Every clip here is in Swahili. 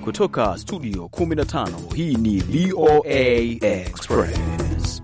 Kutoka studio 15 hii ni VOA Express.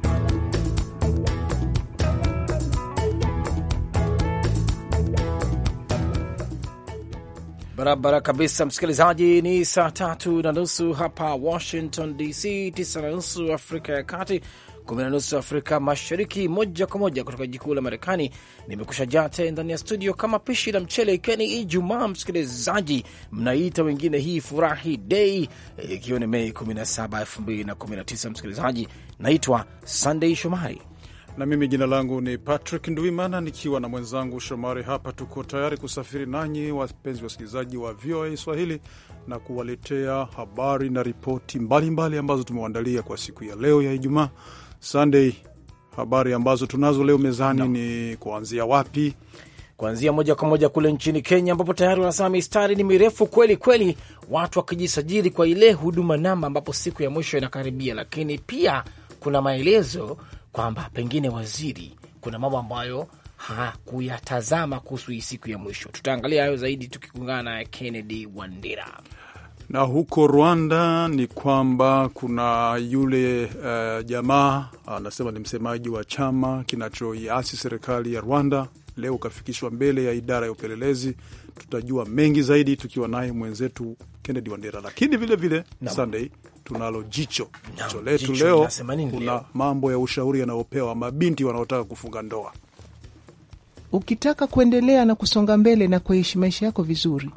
Barabara kabisa, msikilizaji. Ni saa tatu na nusu hapa Washington DC, tisa na nusu Afrika ya Kati, kumi na nusu Afrika Mashariki, moja kwa moja kutoka jikuu la Marekani. Nimekusha jate ndani ya studio kama pishi la mchele, ikiwa ni Ijumaa msikilizaji, mnaita wengine hii furahi dei, ikiwa ni Mei 17, 2019. Msikilizaji, naitwa sandey Shomari na mimi jina langu ni Patrick Nduimana, nikiwa na mwenzangu Shomari. Hapa tuko tayari kusafiri nanyi wapenzi wasikilizaji wa VOA Swahili na kuwaletea habari na ripoti mbalimbali ambazo tumewaandalia kwa siku ya leo ya Ijumaa Sunday, habari ambazo tunazo leo mezani no. ni kuanzia wapi? Kuanzia moja kwa moja kule nchini Kenya, ambapo tayari wanasema mistari ni mirefu kweli kweli, watu wakijisajili kwa ile huduma namba, ambapo siku ya mwisho inakaribia. Lakini pia kuna maelezo kwamba pengine waziri, kuna mambo ambayo hakuyatazama kuhusu hii siku ya mwisho. Tutaangalia hayo zaidi tukikungana na Kennedy Wandera. Na huko Rwanda ni kwamba kuna yule uh, jamaa anasema ni msemaji wa chama kinachoiasi serikali ya Rwanda, leo ukafikishwa mbele ya idara ya upelelezi. Tutajua mengi zaidi tukiwa naye mwenzetu Kennedy Wandera, lakini vilevile vile, Sunday tunalo jicho jicho letu leo. Kuna mambo ya ushauri yanayopewa mabinti wanaotaka kufunga ndoa. Ukitaka kuendelea na kusonga mbele na kuishi maisha yako vizuri,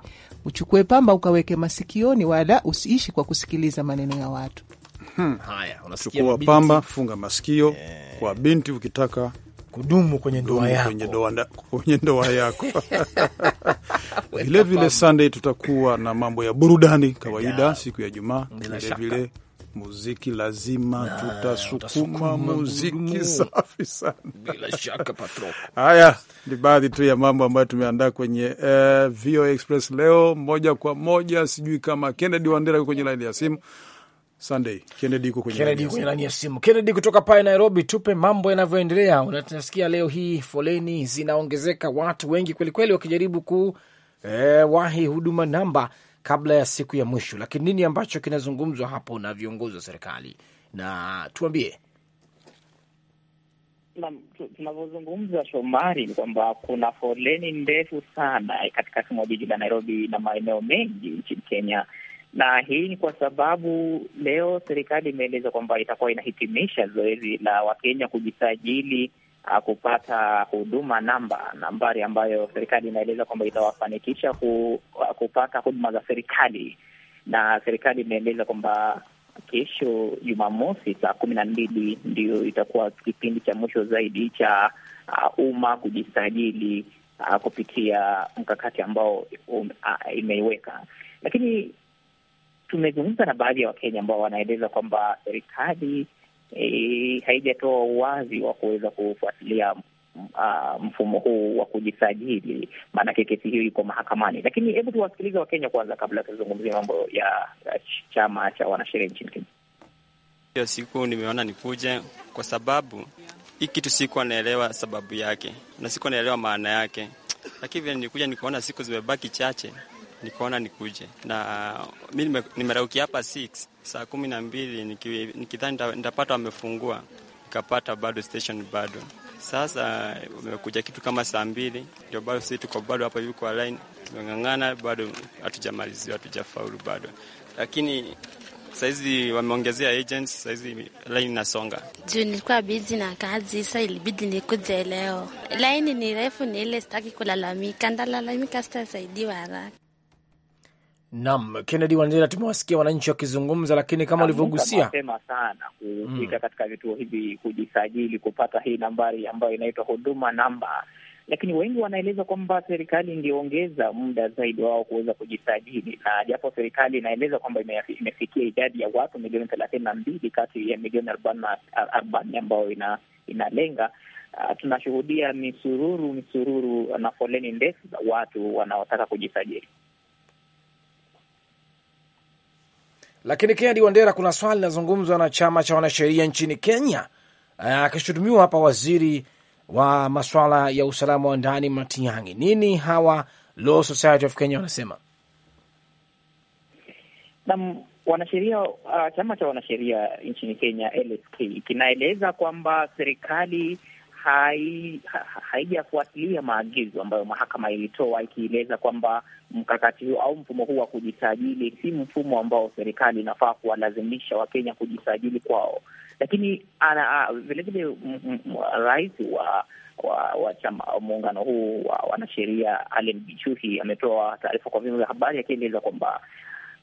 uchukue pamba ukaweke masikioni, wala usiishi kwa kusikiliza maneno ya watu. Hmm. chukua pamba, funga masikio yeah, kwa binti ukitaka kudumu kwenye ndoa yako, kwenye ndoa yako. Vilevile Sunday tutakuwa na mambo ya burudani kawaida siku ya Jumaa, vilevile muziki lazima na, tutasukuma muziki mgumu. Safi sana bila shaka Haya ni baadhi tu ya mambo ambayo tumeandaa kwenye eh, VOA Express leo moja kwa moja. Sijui kama Kennedy Wandera yuko kwenye laini ya simu. Sunday Kennedy yuko kwenye laini ya simu. Kennedy kutoka pale Nairobi, tupe mambo yanavyoendelea. Unasikia leo hii foleni zinaongezeka, watu wengi kwelikweli wakijaribu ku eh, wahi huduma namba kabla ya siku ya mwisho. Lakini nini ambacho kinazungumzwa hapo na viongozi wa serikali? Na tuambie tunavyozungumza Shomari, ni kwamba kuna foleni ndefu sana katikati mwa jiji la Nairobi na maeneo mengi nchini Kenya, na hii ni kwa sababu leo serikali imeeleza kwamba itakuwa inahitimisha zoezi la Wakenya kujisajili Uh, kupata huduma namba, nambari ambayo serikali inaeleza kwamba itawafanikisha ku, uh, kupata huduma za serikali, na serikali imeeleza kwamba kesho Jumamosi saa kumi na mbili ndio itakuwa kipindi cha mwisho zaidi cha uh, umma kujisajili uh, kupitia mkakati ambao um, uh, imeiweka. Lakini tumezungumza na baadhi ya Wakenya ambao wanaeleza kwamba serikali e, haijatoa uwazi wa kuweza kufuatilia Uh, mfumo huu wa kujisajili, maanake kesi hiyo iko mahakamani. Lakini hebu tuwasikilize Wakenya kwanza kabla tuzungumzie mambo ya chama cha wanasheria nchini Kenya. Hiyo siku nimeona nikuje, kwa sababu hii kitu sikuwa naelewa sababu yake na sikuwa naelewa maana yake, lakini vile nilikuja nikaona siku zimebaki chache nikaona nikuje na mi nimeraukia hapa 6 saa kumi na mbili nikidhani nitapata wamefungua, nikapata bado station bado. Sasa umekuja kitu kama saa mbili ndio bado sisi tuko bado hapa hivi kwa line tumeng'ang'ana, bado hatujamaliziwa, hatujafaulu bado, lakini sahizi wameongezea agents, sahizi laini nasonga juu. Nilikuwa bizi na kazi, sa ilibidi nikuja leo. Laini ni refu, ni ile sitaki kulalamika, ndalalamika sitasaidiwa haraka. Naam, Kennedy Wandera, tumewasikia wananchi wakizungumza, lakini kama ulivyogusia, mapema sana kufika mm, katika vituo hivi kujisajili, kupata hii nambari ambayo inaitwa huduma namba, lakini wengi wanaeleza kwamba serikali ingeongeza muda zaidi wao kuweza kujisajili, na japo serikali inaeleza kwamba imefikia idadi ya watu milioni thelathini na mbili kati ya milioni arobaini ambayo ina, inalenga Uh, tunashuhudia misururu misururu na foleni ndefu za watu wanaotaka kujisajili. Lakini Kennedy Wandera, kuna swali linazungumzwa na chama cha wanasheria nchini Kenya, eh, akishutumiwa hapa waziri wa maswala ya usalama wa ndani Matiang'i. Nini hawa Law Society of Kenya wanasema? Naam, wanasheria uh, chama cha wanasheria nchini Kenya LSK kinaeleza kwamba serikali haijafuatilia ha, maagizo ambayo mahakama ilitoa ikieleza kwamba mkakati huu au mfumo huu wa kujisajili si mfumo ambao serikali inafaa kuwalazimisha Wakenya kujisajili kwao. Lakini vilevile rais wa wa, wa chama muungano huu wa wanasheria Allen Bichuhi ametoa taarifa kwa vyombo vya habari akieleza kwamba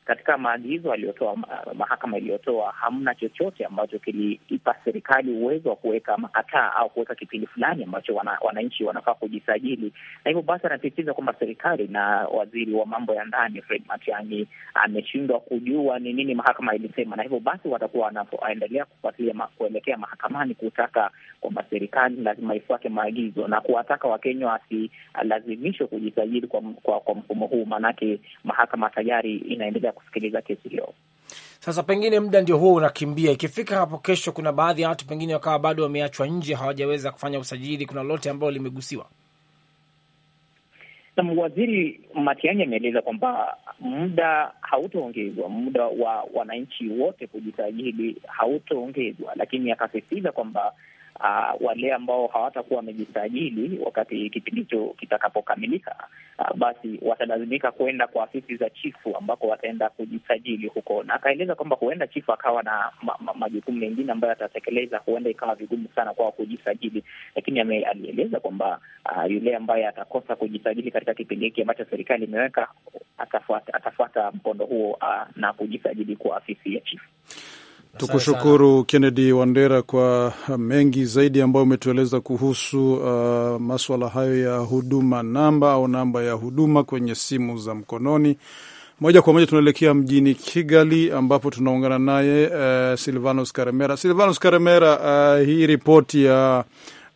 katika maagizo aliyotoa mahakama iliyotoa, hamna chochote ambacho kiliipa serikali uwezo wa kuweka makataa au kuweka kipindi fulani ambacho wana, wananchi wanafaa kujisajili, na hivyo basi anasisitiza kwamba serikali na waziri wa mambo ya ndani Fred Matiang'i ameshindwa kujua ni nini mahakama ilisema, na hivyo basi watakuwa wanaendelea kufuatilia ma, kuelekea mahakamani kutaka kwamba serikali lazima ifuate maagizo na kuwataka Wakenya wasilazimishwe kujisajili kwa, kwa, kwa mfumo huu, maanake mahakama tayari inaendelea kusikiliza kesi hiyo. Sasa pengine muda ndio huo unakimbia, ikifika hapo kesho, kuna baadhi ya watu pengine wakawa bado wameachwa nje, hawajaweza kufanya usajili. Kuna lolote ambalo limegusiwa? Na waziri Matiang'i ameeleza kwamba muda hautaongezwa, muda wa wananchi wote kujisajili hautaongezwa, lakini akasisitiza kwamba uh, wale ambao hawatakuwa wamejisajili wakati kipindi hicho kitakapokamilika, uh, basi watalazimika kuenda kwa afisi za chifu ambako wataenda kujisajili huko, na akaeleza kwamba huenda chifu akawa na ma, ma, majukumu mengine ambayo atatekeleza, huenda ikawa vigumu sana kwao kujisajili, lakini alieleza kwamba uh, yule ambaye atakosa kujisajili katika kipindi hiki ambacho serikali imeweka atafuata, atafuata mkondo huo uh, na kujisajili kwa afisi ya chifu. Tukushukuru Kennedy Wandera kwa uh, mengi zaidi ambayo umetueleza kuhusu uh, maswala hayo ya huduma namba au namba ya huduma kwenye simu za mkononi. Moja kwa moja tunaelekea mjini Kigali ambapo tunaungana naye uh, Silvanus Karemera. Silvanus Karemera, uh, hii ripoti ya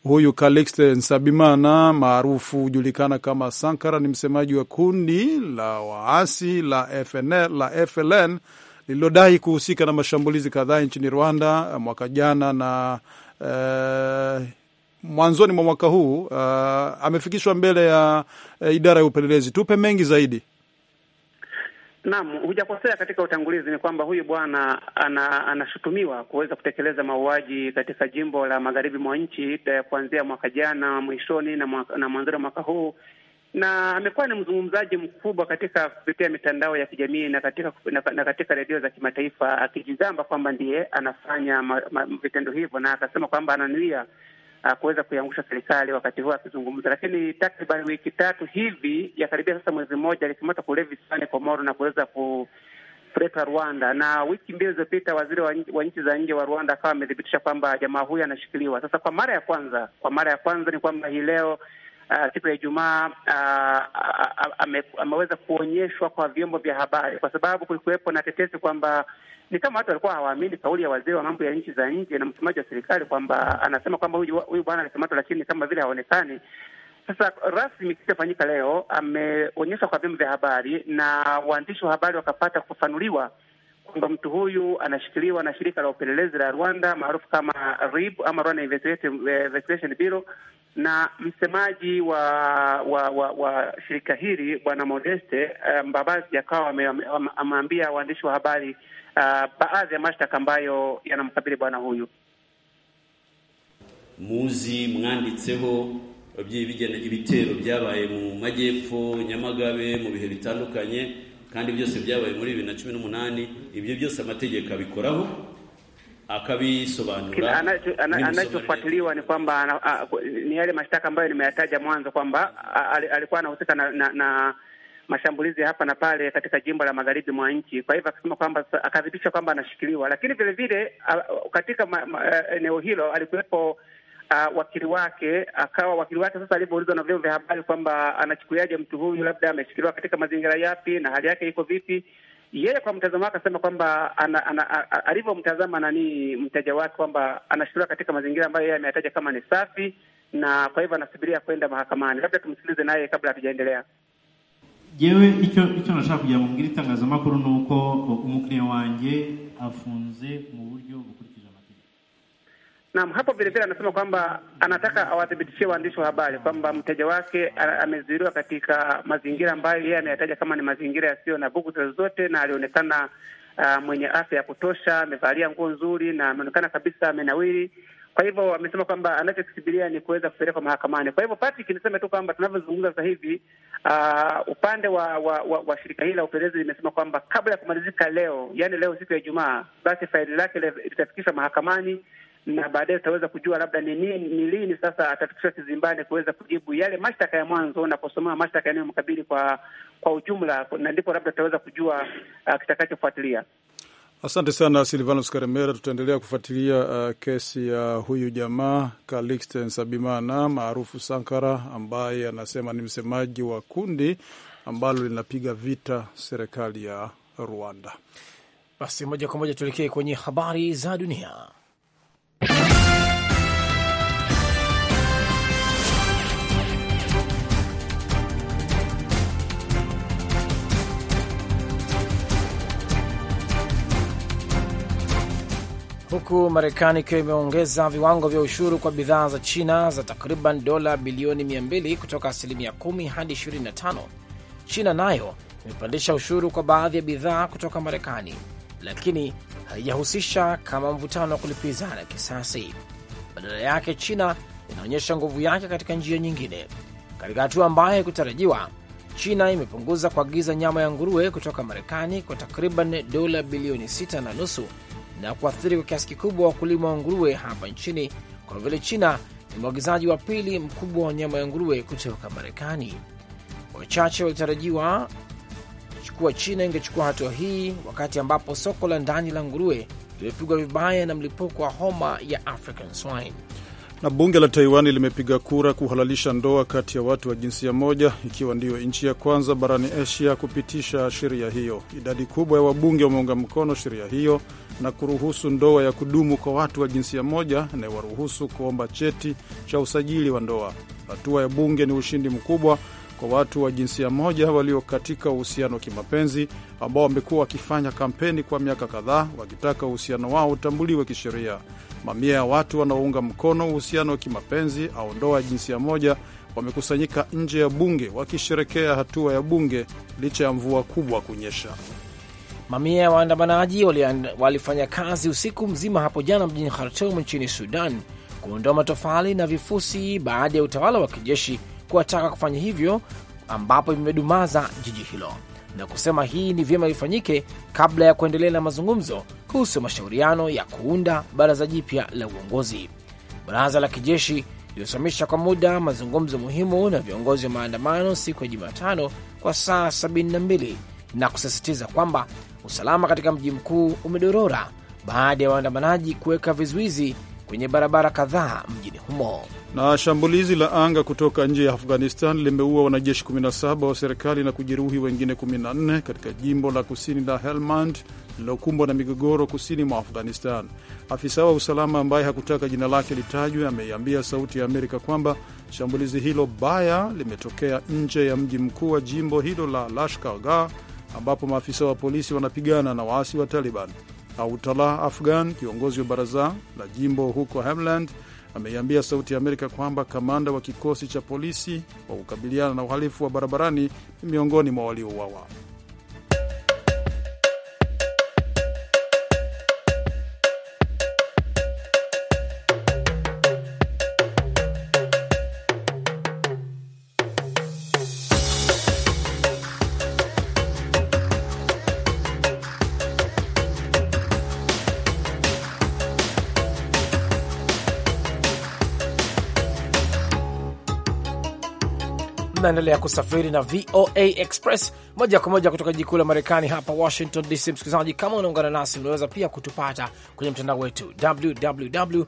huyu kalixte Nsabimana maarufu hujulikana kama Sankara ni msemaji wa kundi la waasi la FNL, la FLN lililodai kuhusika na mashambulizi kadhaa nchini Rwanda mwaka jana na uh, mwanzoni mwa mwaka huu uh, amefikishwa mbele ya uh, idara ya upelelezi. Tupe mengi zaidi. Naam, hujakosea katika utangulizi. Ni kwamba huyu bwana anashutumiwa ana kuweza kutekeleza mauaji katika jimbo la magharibi mwa nchi kuanzia mwaka jana mwishoni na mwanzoni mwa mwaka huu na amekuwa ni mzungumzaji mkubwa katika kupitia mitandao ya kijamii na katika na, na katika redio za kimataifa akijizamba kwamba ndiye anafanya vitendo hivyo, na akasema kwamba ananuia ah, kuweza kuiangusha serikali wakati huo akizungumza. Lakini takriban wiki tatu hivi yakaribia sasa mwezi mmoja, alikamata kule visiwani Komoro na kuweza kuleta Rwanda, na wiki mbili zilizopita waziri wa nchi za nje wa Rwanda akawa amethibitisha kwamba jamaa huyu anashikiliwa sasa kwa mara ya kwanza. Kwa mara ya kwanza ni kwamba hii leo uh, siku ya Ijumaa uh, ame, ameweza kuonyeshwa kwa vyombo vya habari, kwa sababu kulikuwepo na tetesi kwamba ni kama watu walikuwa hawaamini kauli ya wazee wa mambo ya nchi za nje na msemaji wa serikali kwamba anasema kwamba huyu bwana alikamatwa, lakini kama vile haonekani. Sasa rasmi kilichofanyika leo, ameonyeshwa kwa vyombo vya habari na waandishi wa habari wakapata kufanuliwa kwamba mtu huyu anashikiliwa na shirika la upelelezi la Rwanda maarufu kama RIB ama Rwanda Investigation Bureau, na msemaji wa wa, wa, wa shirika hili bwana Modeste eh, Mbabazi akawa ameambia waandishi wa habari uh, baadhi ya mashtaka ambayo yanamkabili bwana huyu muzi mwanditseho ibitero byabaye mu majyepfo Nyamagabe mu bihe bitandukanye kandi byose byabaye muri bibiri na cumi n'umunani ibyo byose amategeko abikoraho akabisobanura. Anachofuatiliwa ni kwamba ni yale mashtaka ambayo nimeyataja mwanzo kwamba alikuwa anahusika na, na, na mashambulizi hapa na pale katika jimbo la magharibi mwa nchi. Kwa hivyo akasema kwamba akathibitisha kwamba anashikiliwa, lakini vile vile katika eh, eneo hilo alikuwepo uh, wakili wake, akawa wakili wake sasa alivyoulizwa na vyombo vya habari kwamba anachukuliaje mtu huyu, labda ameshikiliwa katika mazingira yapi na hali yake iko vipi, yeye kwa mtazamo wake asema kwamba alivyomtazama nani mteja wake kwamba anashiriwa katika mazingira ambayo yeye ameyataja kama ni safi, na kwa hivyo anasubiria kwenda mahakamani. Labda tumsikilize naye kabla hatujaendelea. jewe icyo icyo nashaka kujya mu mbwira itangazamakuru nuko umukiriya wanje afunze mu buryo Naam, hapo vilevile anasema kwamba anataka awathibitishie waandishi wa habari kwamba mteja wake amezuiliwa katika mazingira ambayo yeye ameyataja kama ni mazingira yasiyo na bughudha zozote, na alionekana uh, mwenye afya ya kutosha, amevalia nguo nzuri na ameonekana kabisa amenawiri. Kwa hivyo amesema kwamba anachokisubiria ni kuweza kupelekwa mahakamani. Kwa hivyo Patrick, niseme tu kwamba tunavyozungumza sasa hivi uh, upande wa wa, wa, wa shirika hili la upelelezi limesema kwamba kabla ya kumalizika leo, yani leo siku ya Ijumaa, basi faili lake litafikishwa mahakamani na baadaye utaweza kujua labda ni nini, ni lini sasa atafikishwa kizimbani kuweza kujibu yale mashtaka ya mwanzo na kusomewa mashtaka yanayomkabili kwa kwa ujumla, na ndipo labda tutaweza kujua uh, kitakachofuatilia. Asante sana Silvanus Karemera, tutaendelea kufuatilia uh, kesi ya uh, huyu jamaa Calixte sabimana maarufu Sankara, ambaye anasema ni msemaji wa kundi ambalo linapiga vita serikali ya Rwanda. Basi moja kwa moja tuelekee kwenye habari za dunia. Huku Marekani ikiwa imeongeza viwango vya ushuru kwa bidhaa za China za takriban dola bilioni 200 kutoka asilimia 10 hadi 25, China nayo imepandisha ushuru kwa baadhi ya bidhaa kutoka Marekani lakini haijahusisha kama mvutano wa kulipizana kisasi. Badala yake, China inaonyesha nguvu yake katika njia nyingine. Katika hatua ambayo haikutarajiwa, China imepunguza kuagiza nyama ya nguruwe kutoka Marekani kwa takriban dola bilioni sita na nusu na kuathiri kwa kiasi kikubwa wakulima wa nguruwe hapa nchini kwa vile China ni mwagizaji wa pili mkubwa wa nyama ya nguruwe kutoka Marekani. Wachache walitarajiwa chukua China ingechukua hatua hii wakati ambapo soko la ndani la nguruwe limepigwa vibaya na mlipuko wa homa ya African swine. Na bunge la Taiwani limepiga kura kuhalalisha ndoa kati ya watu wa jinsia moja, ikiwa ndiyo nchi ya kwanza barani Asia kupitisha sheria hiyo. Idadi kubwa ya wabunge wameunga mkono sheria hiyo na kuruhusu ndoa ya kudumu kwa watu wa jinsia moja iwaruhusu kuomba cheti cha usajili wa ndoa. Hatua ya bunge ni ushindi mkubwa kwa watu wa jinsia moja walio katika uhusiano wa kimapenzi ambao wamekuwa wakifanya kampeni kwa miaka kadhaa wakitaka uhusiano wao utambuliwe kisheria. Mamia ya watu wanaounga mkono uhusiano wa kimapenzi au ndoa ya jinsia moja wamekusanyika nje ya bunge wakisherekea hatua ya bunge licha ya mvua kubwa kunyesha. Mamia ya waandamanaji walifanya kazi usiku mzima hapo jana mjini Khartum nchini Sudan kuondoa matofali na vifusi baada ya utawala wa kijeshi kuwataka kufanya hivyo, ambapo vimedumaza jiji hilo na kusema hii ni vyema ifanyike kabla ya kuendelea na mazungumzo kuhusu mashauriano ya kuunda baraza jipya la uongozi. Baraza la kijeshi lilisimamisha kwa muda mazungumzo muhimu na viongozi wa maandamano siku ya Jumatano kwa saa 72 na kusisitiza kwamba usalama katika mji mkuu umedorora baada ya waandamanaji kuweka vizuizi kwenye barabara kadhaa mjini humo. Na shambulizi la anga kutoka nje ya Afghanistan limeua wanajeshi 17 wa serikali na kujeruhi wengine 14 katika jimbo la kusini la Helmand lililokumbwa na migogoro kusini mwa Afghanistan. Afisa wa usalama ambaye hakutaka jina lake litajwe ameiambia Sauti ya Amerika kwamba shambulizi hilo baya limetokea nje ya mji mkuu wa jimbo hilo la Lashkar Gah ambapo maafisa wa polisi wanapigana na waasi wa Taliban. Autalah Afghan, kiongozi wa baraza la jimbo huko hamland ameiambia Sauti ya Amerika kwamba kamanda wa kikosi cha polisi wa kukabiliana na uhalifu wa barabarani ni miongoni mwa waliouawa. Mnaendelea kusafiri na VOA Express moja kwa moja kutoka jiji kuu la Marekani hapa Washington DC. Msikilizaji, kama unaungana nasi, unaweza pia kutupata kwenye mtandao wetu www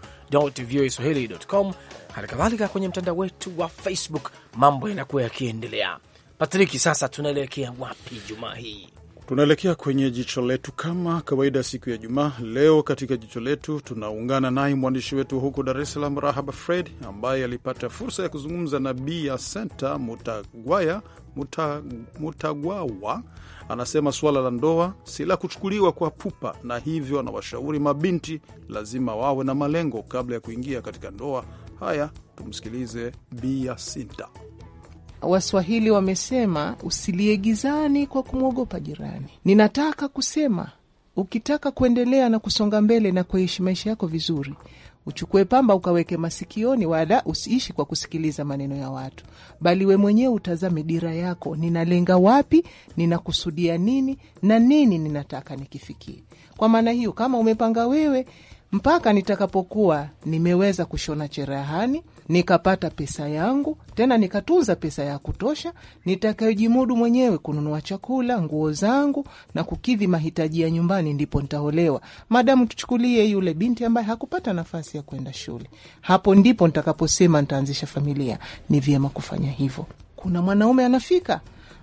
voa swahilicom, hali kadhalika kwenye mtandao wetu wa Facebook. Mambo yanakuwa yakiendelea. Patriki, sasa tunaelekea wapi jumaa hii? Tunaelekea kwenye jicho letu kama kawaida, siku ya Jumaa. Leo katika jicho letu tunaungana naye mwandishi wetu huko Dar es Salaam, Rahab Fred, ambaye alipata fursa ya kuzungumza na Bi Asenta Mutagwaya Muta, Mutagwawa. Anasema suala la ndoa si la kuchukuliwa kwa pupa, na hivyo anawashauri mabinti lazima wawe na malengo kabla ya kuingia katika ndoa. Haya, tumsikilize Bi Asinta. Waswahili wamesema usilie gizani kwa kumwogopa jirani. Ninataka kusema ukitaka kuendelea na kusonga mbele na kuishi maisha yako vizuri, uchukue pamba ukaweke masikioni, wala usiishi kwa kusikiliza maneno ya watu, bali we mwenyewe utazame dira yako, ninalenga wapi, ninakusudia nini na nini ninataka nikifikie. Kwa maana hiyo, kama umepanga wewe mpaka nitakapokuwa nimeweza kushona cherehani nikapata pesa yangu tena nikatunza pesa ya kutosha nitakayojimudu mwenyewe kununua chakula, nguo zangu na kukidhi mahitaji ya nyumbani, ndipo ntaolewa. Madamu tuchukulie yule binti ambaye hakupata nafasi ya kwenda shule, hapo ndipo ntakaposema ntaanzisha familia. Ni vyema kufanya hivyo. Kuna mwanaume anafika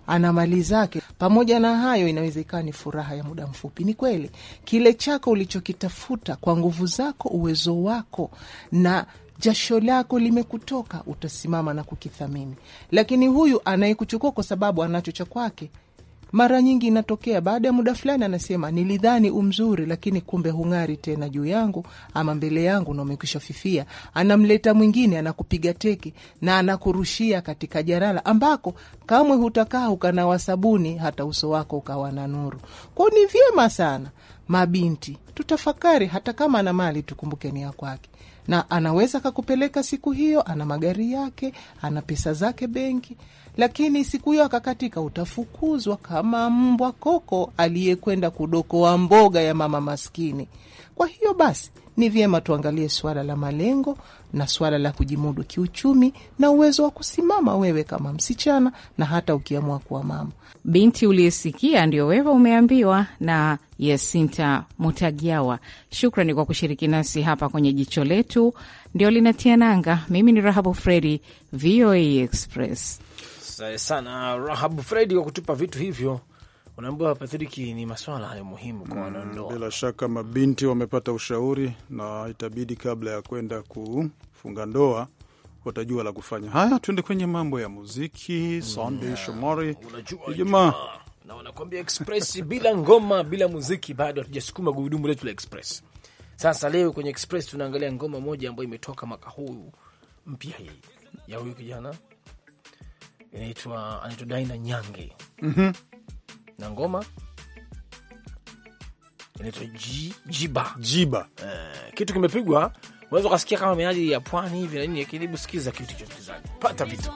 ana mali zake. Pamoja na hayo, inaweza ikawa ni furaha ya muda mfupi. Ni kweli, kile chako ulichokitafuta kwa nguvu zako, uwezo wako na jasho lako limekutoka, utasimama na kukithamini. Lakini huyu anayekuchukua kwa sababu anacho cha kwake, mara nyingi inatokea baada ya muda fulani, anasema nilidhani umzuri, lakini kumbe hung'ari tena juu yangu ama mbele yangu, na umekwisha fifia. Anamleta mwingine, anakupiga teki na anakurushia katika jarala ambako kamwe hutakaa ukanawa sabuni, hata uso wako ukawa na nuru. Kwao ni vyema sana, mabinti tutafakari, hata kama ana mali tukumbuke ni ya kwake na anaweza akakupeleka siku hiyo, ana magari yake, ana pesa zake benki, lakini siku hiyo akakatika, utafukuzwa kama mbwa koko aliyekwenda kudokoa mboga ya mama maskini. Kwa hiyo basi ni vyema tuangalie suala la malengo na suala la kujimudu kiuchumi na uwezo wa kusimama wewe kama msichana na hata ukiamua kuwa mama. Binti uliyesikia, ndio wewe umeambiwa na Yasinta Mutagiawa. Shukrani kwa kushiriki nasi hapa kwenye Jicho Letu, ndio linatia nanga. Mimi ni Rahabu Fredi, VOA Express. Asante sana Rahabu Fredi kwa kutupa vitu hivyo unaambiwa Patriki, ni maswala hayo muhimu kwa mm, wanandoa. Mm, Bila shaka mabinti wamepata ushauri, na itabidi kabla ya kwenda kufunga ndoa watajua la kufanya. Haya, tuende kwenye mambo ya muziki. Sunday mm. Shomari, Ijumaa na wanakuambia Express bila ngoma, bila muziki, bado hatujasukuma gurudumu letu la Express. Sasa leo kwenye Express tunaangalia ngoma moja ambayo imetoka mwaka huu mpya, hii ya huyu kijana inaitwa anaitwa Daina Nyange. mm -hmm na ngoma inaitwa jiba jiba. Eh, kitu kimepigwa, unaweza ukasikia kama miadi ya pwani hivi na nini, lakini hebu sikiza kitu cha pata vitu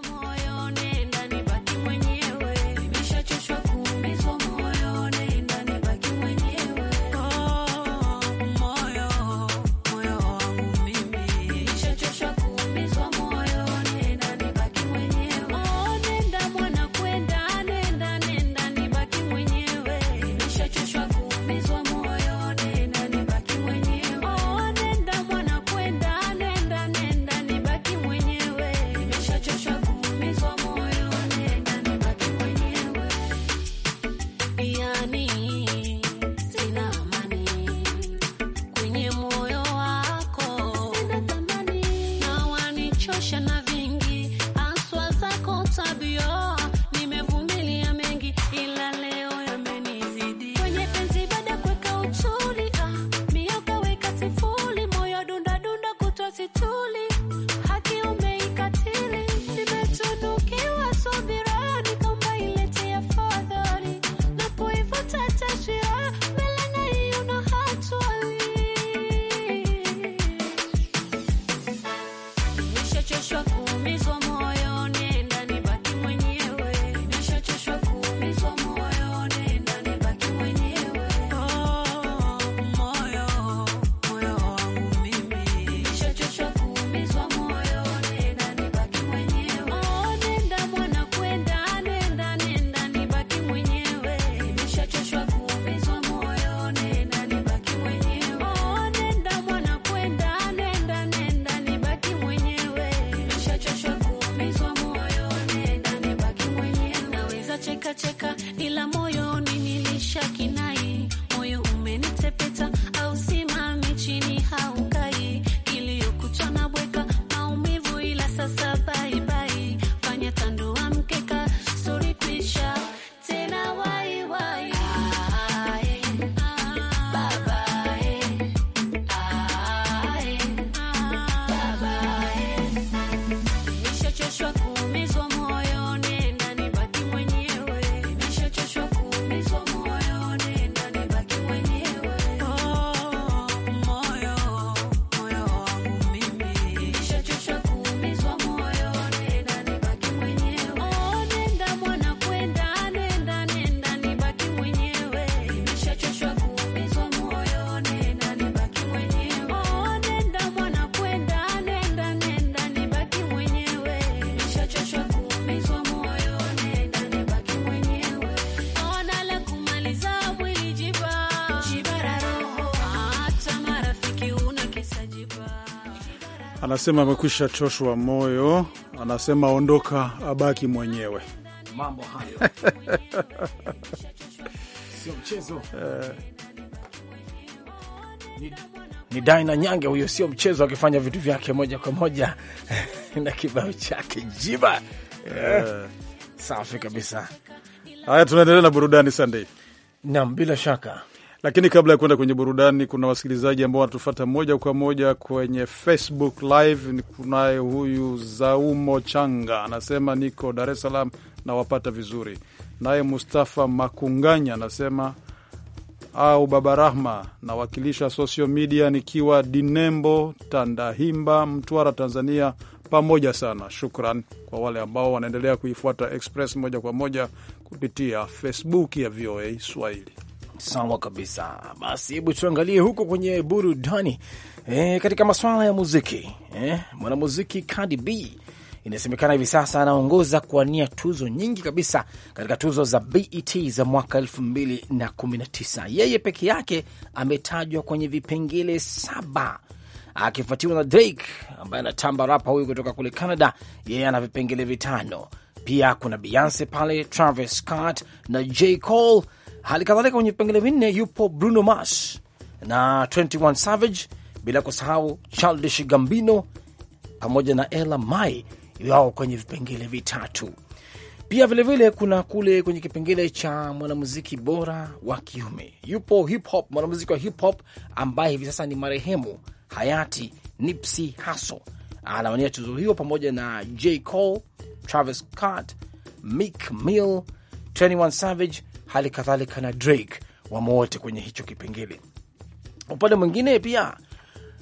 anasema amekwisha choshwa moyo, anasema ondoka, abaki mwenyewe. Mambo hayo sio mchezo. Eh. Ni, Daina Nyange huyo, sio mchezo, akifanya vitu vyake moja kwa moja na kibao chake jiba. Yeah. Eh. Safi kabisa. Haya, tunaendelea na burudani Sunday. Naam, bila shaka lakini kabla ya kuenda kwenye burudani, kuna wasikilizaji ambao wanatufata moja kwa moja kwenye Facebook Live. Kunaye huyu Zaumo Changa anasema niko Dar es Salaam nawapata vizuri. Naye Mustafa Makunganya anasema au Baba Rahma, nawakilisha social media nikiwa Dinembo, Tandahimba, Mtwara, Tanzania. Pamoja sana. Shukran kwa wale ambao wanaendelea kuifuata Express moja kwa moja kupitia Facebook ya VOA Swahili. Sawa kabisa. Basi hebu tuangalie huko kwenye burudani e, katika masuala ya muziki e, mwanamuziki Cardi B inasemekana hivi sasa anaongoza kuwania tuzo nyingi kabisa katika tuzo za BET za mwaka 2019. Yeye peke yake ametajwa kwenye vipengele saba akifuatiwa na Drake ambaye anatamba rapa huyu kutoka kule Canada. Yeye ana vipengele vitano. Pia kuna Beyonce pale, Travis Scott na J Cole Hali kadhalika kwenye vipengele vinne yupo Bruno Mars na 21 Savage, bila kusahau Childish Gambino pamoja na Ella Mai wao kwenye vipengele vitatu. Pia vilevile vile kuna kule kwenye kipengele cha mwanamuziki bora wa kiume yupo hip hop, mwanamuziki wa hip hop ambaye hivi sasa ni marehemu hayati Nipsey Hussle anawania tuzo hiyo pamoja na J Cole, Travis Scott, Meek Mill, 21 Savage hali kadhalika na Drake wamo wote kwenye hicho kipengele. Upande mwingine pia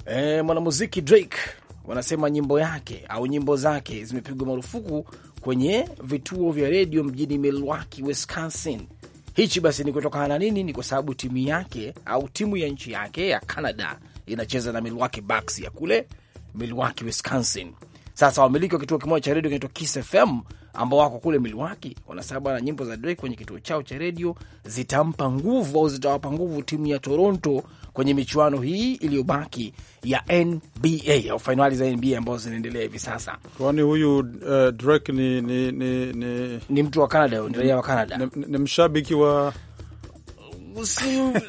e, mwanamuziki Drake wanasema nyimbo yake au nyimbo zake zimepigwa marufuku kwenye vituo vya redio mjini Milwaukee, Wisconsin. Hichi basi ni kutokana na nini? Ni kwa sababu timu yake au timu ya nchi yake ya Canada inacheza na Milwaukee Bucks ya kule Milwaukee, Wisconsin. Sasa wamiliki wa kituo kimoja cha redio kinaitwa Kiss FM ambao wako kule Milwaki wanasema bwana, nyimbo za Drake kwenye kituo chao cha redio zitampa nguvu au zitawapa nguvu timu ya Toronto kwenye michuano hii iliyobaki ya NBA au fainali za NBA ambazo zinaendelea hivi sasa. Kwani huyu uh, Drake ni, ni, ni, ni, ni mtu wa Canada, raia wa Canada, ni, ni, ni mshabiki wa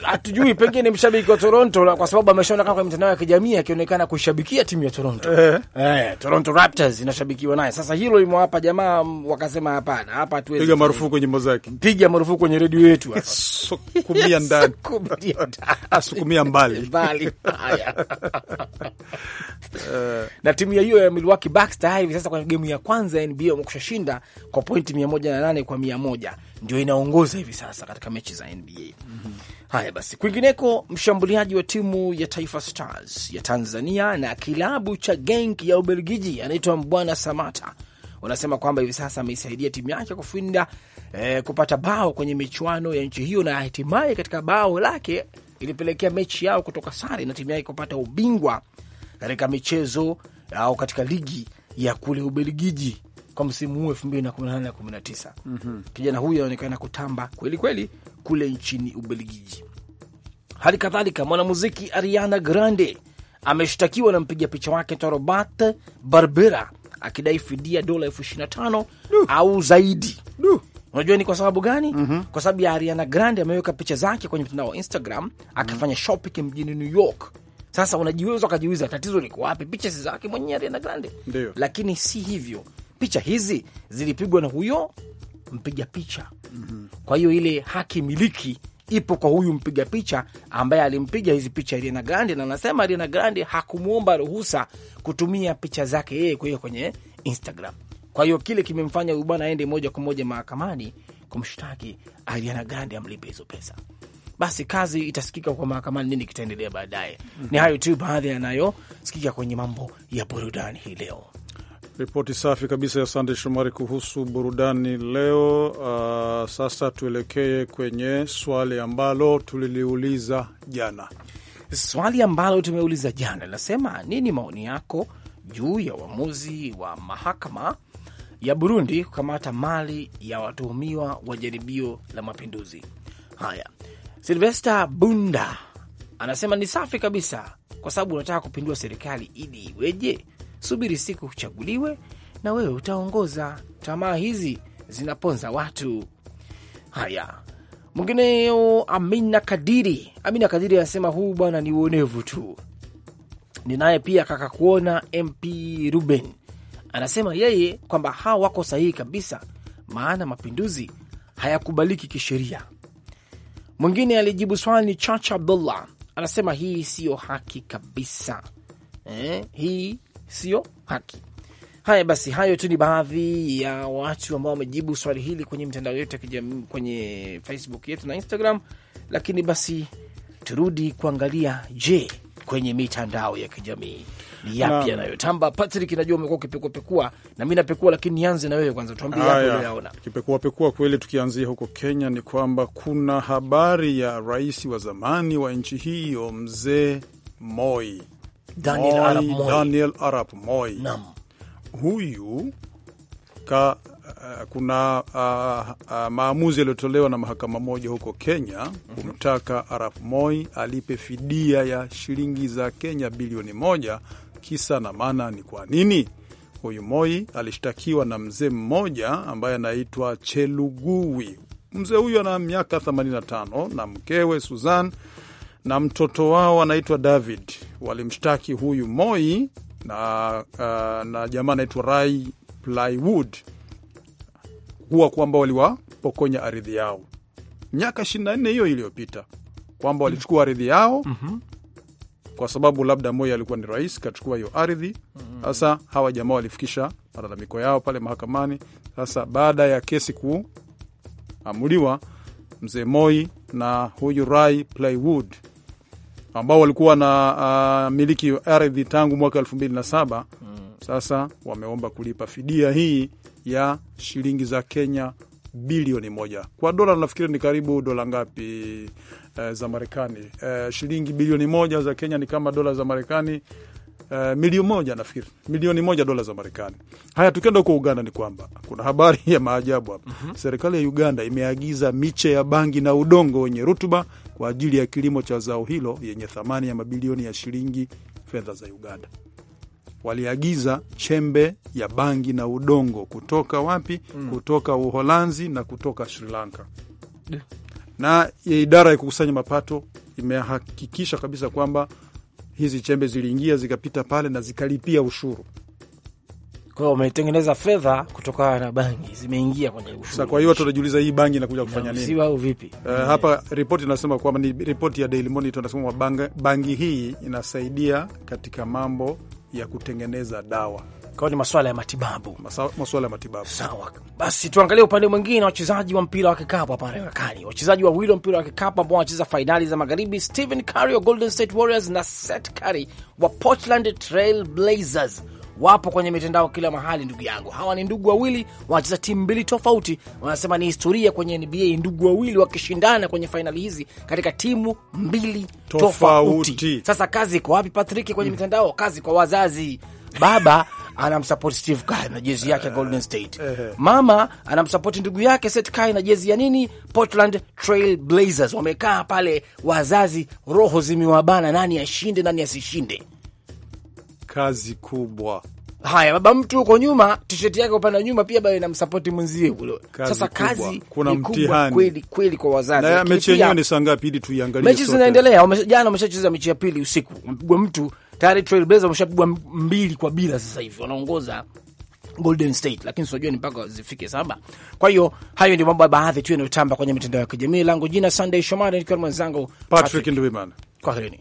hatujui pengine mshabiki wa Toronto kwa sababu ameshaona kama kwenye mitandao ya kijamii akionekana kushabikia timu ya Toronto. Eh, eh, Toronto Raptors inashabikiwa naye. Sasa hilo limewapa jamaa wakasema hapana, hapa hatuwezi. Piga marufuku kwenye nyimbo zake. Piga marufuku kwenye redio yetu hapa. Sukumia ndani. Asukumia ah, mbali. Mbali. Haya. Eh. Na timu ya hiyo ya Milwaukee Bucks tayari hivi sasa kwenye gemu ya kwanza ya NBA wamekusha shinda kwa pointi 108 kwa 100 ndio inaongoza hivi sasa katika mechi za NBA. mm -hmm. Haya basi, kwingineko, mshambuliaji wa timu ya Taifa Stars ya Tanzania na kilabu cha Genk ya Ubelgiji anaitwa Mbwana Samata wanasema kwamba hivi sasa ameisaidia timu yake kufinda eh, kupata bao kwenye michuano ya nchi hiyo, na hatimaye katika bao lake ilipelekea mechi yao kutoka sare na timu yake kupata ubingwa katika michezo au katika ligi ya kule Ubelgiji kwa msimu huu elfu mbili na kumi na nane na kumi na tisa. Mhm. Kijana huyu anaonekana kutamba kweli kweli kule nchini Ubelgiji. Hali kadhalika mwanamuziki Ariana Grande ameshtakiwa na mpiga picha wake Robert Barbera akidai fidia dola elfu ishirini na tano au zaidi. Unajua ni kwa sababu gani? mm -hmm. Kwa sababu ya Ariana Grande ameweka picha zake kwenye mtandao wa Instagram akifanya mm -hmm. shopping mjini New York. Sasa unajiweza ukajiuliza tatizo liko wapi? Picha si zake mwenyewe Ariana Grande, lakini si hivyo picha hizi zilipigwa na huyo mpiga picha Kwa hiyo ile haki miliki ipo kwa huyu mpiga picha ambaye alimpiga hizi picha Ariana Grande, na anasema Ariana Grande hakumwomba ruhusa kutumia picha zake yeye kuweka kwenye Instagram. Kwa hiyo kile kimemfanya huyu bwana aende moja kwa moja mahakamani kumshtaki Ariana Grande amlipe hizo pesa. Basi kazi itasikika kwa mahakamani, nini kitaendelea baadaye. mm -hmm. Ni hayo tu baadhi yanayosikika kwenye mambo ya burudani hii leo. Ripoti safi kabisa ya Sande Shomari kuhusu burudani leo. Uh, sasa tuelekee kwenye swali ambalo tuliliuliza jana. Swali ambalo tumeuliza jana linasema nini maoni yako juu ya uamuzi wa mahakama ya Burundi kukamata mali ya watuhumiwa wa jaribio la mapinduzi haya. Silvester Bunda anasema ni safi kabisa, kwa sababu unataka kupindua serikali ili iweje? subiri siku uchaguliwe na wewe utaongoza. Tamaa hizi zinaponza watu. Haya, mwingineo, Amina Kadiri. Amina Kadiri anasema huu bwana ni uonevu tu. ninaye pia kaka kuona MP Ruben anasema yeye kwamba hawa wako sahihi kabisa, maana mapinduzi hayakubaliki kisheria. Mwingine alijibu swali ni Chacha Abdullah anasema hii siyo haki kabisa eh, hii sio haki. Haya basi, hayo tu ni baadhi ya watu ambao wamejibu swali hili kwenye mitandao yetu ya kijamii, kwenye Facebook yetu na Instagram. Lakini basi turudi kuangalia, je, kwenye mitandao ya kijamii ni yapi yanayotamba? Patrick, najua umekuwa ukipekuapekua na mi napekua, lakini nianze na wewe kwanza, tuambie yapi unayoona. Kipekuapekua kweli, tukianzia huko Kenya ni kwamba kuna habari ya rais wa zamani wa nchi hiyo mzee Moi Daniel Arap Moi, Daniel Arap Moi. Naam. Huyu ka, uh, kuna uh, uh, maamuzi yaliyotolewa na mahakama moja huko Kenya mhm. kumtaka mm -hmm. Arap Moi alipe fidia ya shilingi za Kenya bilioni moja. Kisa na maana ni kwa nini huyu Moi alishtakiwa na mzee mmoja ambaye anaitwa cheluguwi Mzee huyu ana miaka 85 na mkewe Suzan na mtoto wao anaitwa David. Walimshtaki huyu Moi na, uh, na jamaa anaitwa Rai Plywood huwa kwamba waliwapokonya ardhi yao miaka nne hiyo iliyopita, kwamba walichukua ardhi yao mm -hmm. kwa sababu labda Moi alikuwa ni rais, kachukua hiyo ardhi mhm. sasa. mm -hmm. hawa jamaa walifikisha malalamiko yao pale mahakamani. Sasa baada ya kesi kuamuliwa, mzee Moi na huyu Rai Plywood ambao walikuwa na uh, miliki ardhi tangu mwaka elfu mbili na saba mm. Sasa wameomba kulipa fidia hii ya shilingi za Kenya bilioni moja kwa dola, nafikiri ni karibu dola ngapi, eh, za Marekani? Eh, shilingi bilioni moja za Kenya ni kama dola za Marekani uh, milioni moja nafikiri milioni moja dola za Marekani. Haya, tukienda huko Uganda ni kwamba kuna habari ya maajabu hapa. mm -hmm. Serikali ya Uganda imeagiza miche ya bangi na udongo wenye rutuba kwa ajili ya kilimo cha zao hilo yenye thamani ya mabilioni ya shilingi fedha za Uganda. Waliagiza chembe ya bangi na udongo kutoka wapi? mm. Kutoka Uholanzi na kutoka Sri Lanka. yeah. Na idara ya kukusanya mapato imehakikisha kabisa kwamba hizi chembe ziliingia zikapita pale na zikalipia ushuru. Kwa hiyo wametengeneza fedha kutokana na bangi zimeingia kwenye ushuru. Sasa kwa hiyo watu wanajiuliza hii bangi inakuja kufanya nini? wao vipi? Uh, Hapa ripoti inasema kwamba ni ripoti ya Daily Monitor inasema bangi, bangi hii inasaidia katika mambo ya kutengeneza dawa kwao ni maswala ya matibabu, maswala ya matibabu. Sawa basi, tuangalie upande mwingine, wachezaji wa mpira wa kikapu hapa Marekani. Wachezaji wawili wa mpira wa kikapu ambao wanacheza fainali za magharibi, Stephen Curry wa Golden State Warriors na Seth Curry wa Portland Trail Blazers wapo kwenye mitandao kila mahali, ndugu yangu. Hawa ni ndugu wawili wanacheza timu mbili tofauti, wanasema ni historia kwenye NBA, ndugu wawili wakishindana kwenye fainali hizi katika timu mbili tofauti. Tofauti. Sasa kazi iko wapi, Patrick? Kwenye mm. mitandao, kazi kwa wazazi, baba anamsupport Steve Kerr na jezi yake ya eh, Golden State. Mama anamsupport ndugu yake Seth Kerr na jezi ya nini? Portland Trail Blazers. Wamekaa pale wazazi, roho zimewabana, nani ashinde, nani asishinde. Kazi kubwa. Haya, baba mtu huko nyuma, tisheti yake upande wa nyuma pia bado inamsapoti mwenzie kule. Sasa kazi kuna mtihani kweli kweli kwa wazazi. mechi yenyewe ni saa ngapi ili tuiangalie? Mechi zinaendelea, jana wameshacheza mechi ya pili usiku, mpigwa mtu tayari wameshapigwa mbili kwa bila, sasa hivi wanaongoza Golden State, lakini sijui ni mpaka zifike saba. Kwa hiyo hayo ndio mambo baadhi tu yanayotamba kwenye mitandao ya kijamii. Langu jina Sunday Shomari, nikiwa na mwenzangu Patrick Ndwimana. Kwaherini.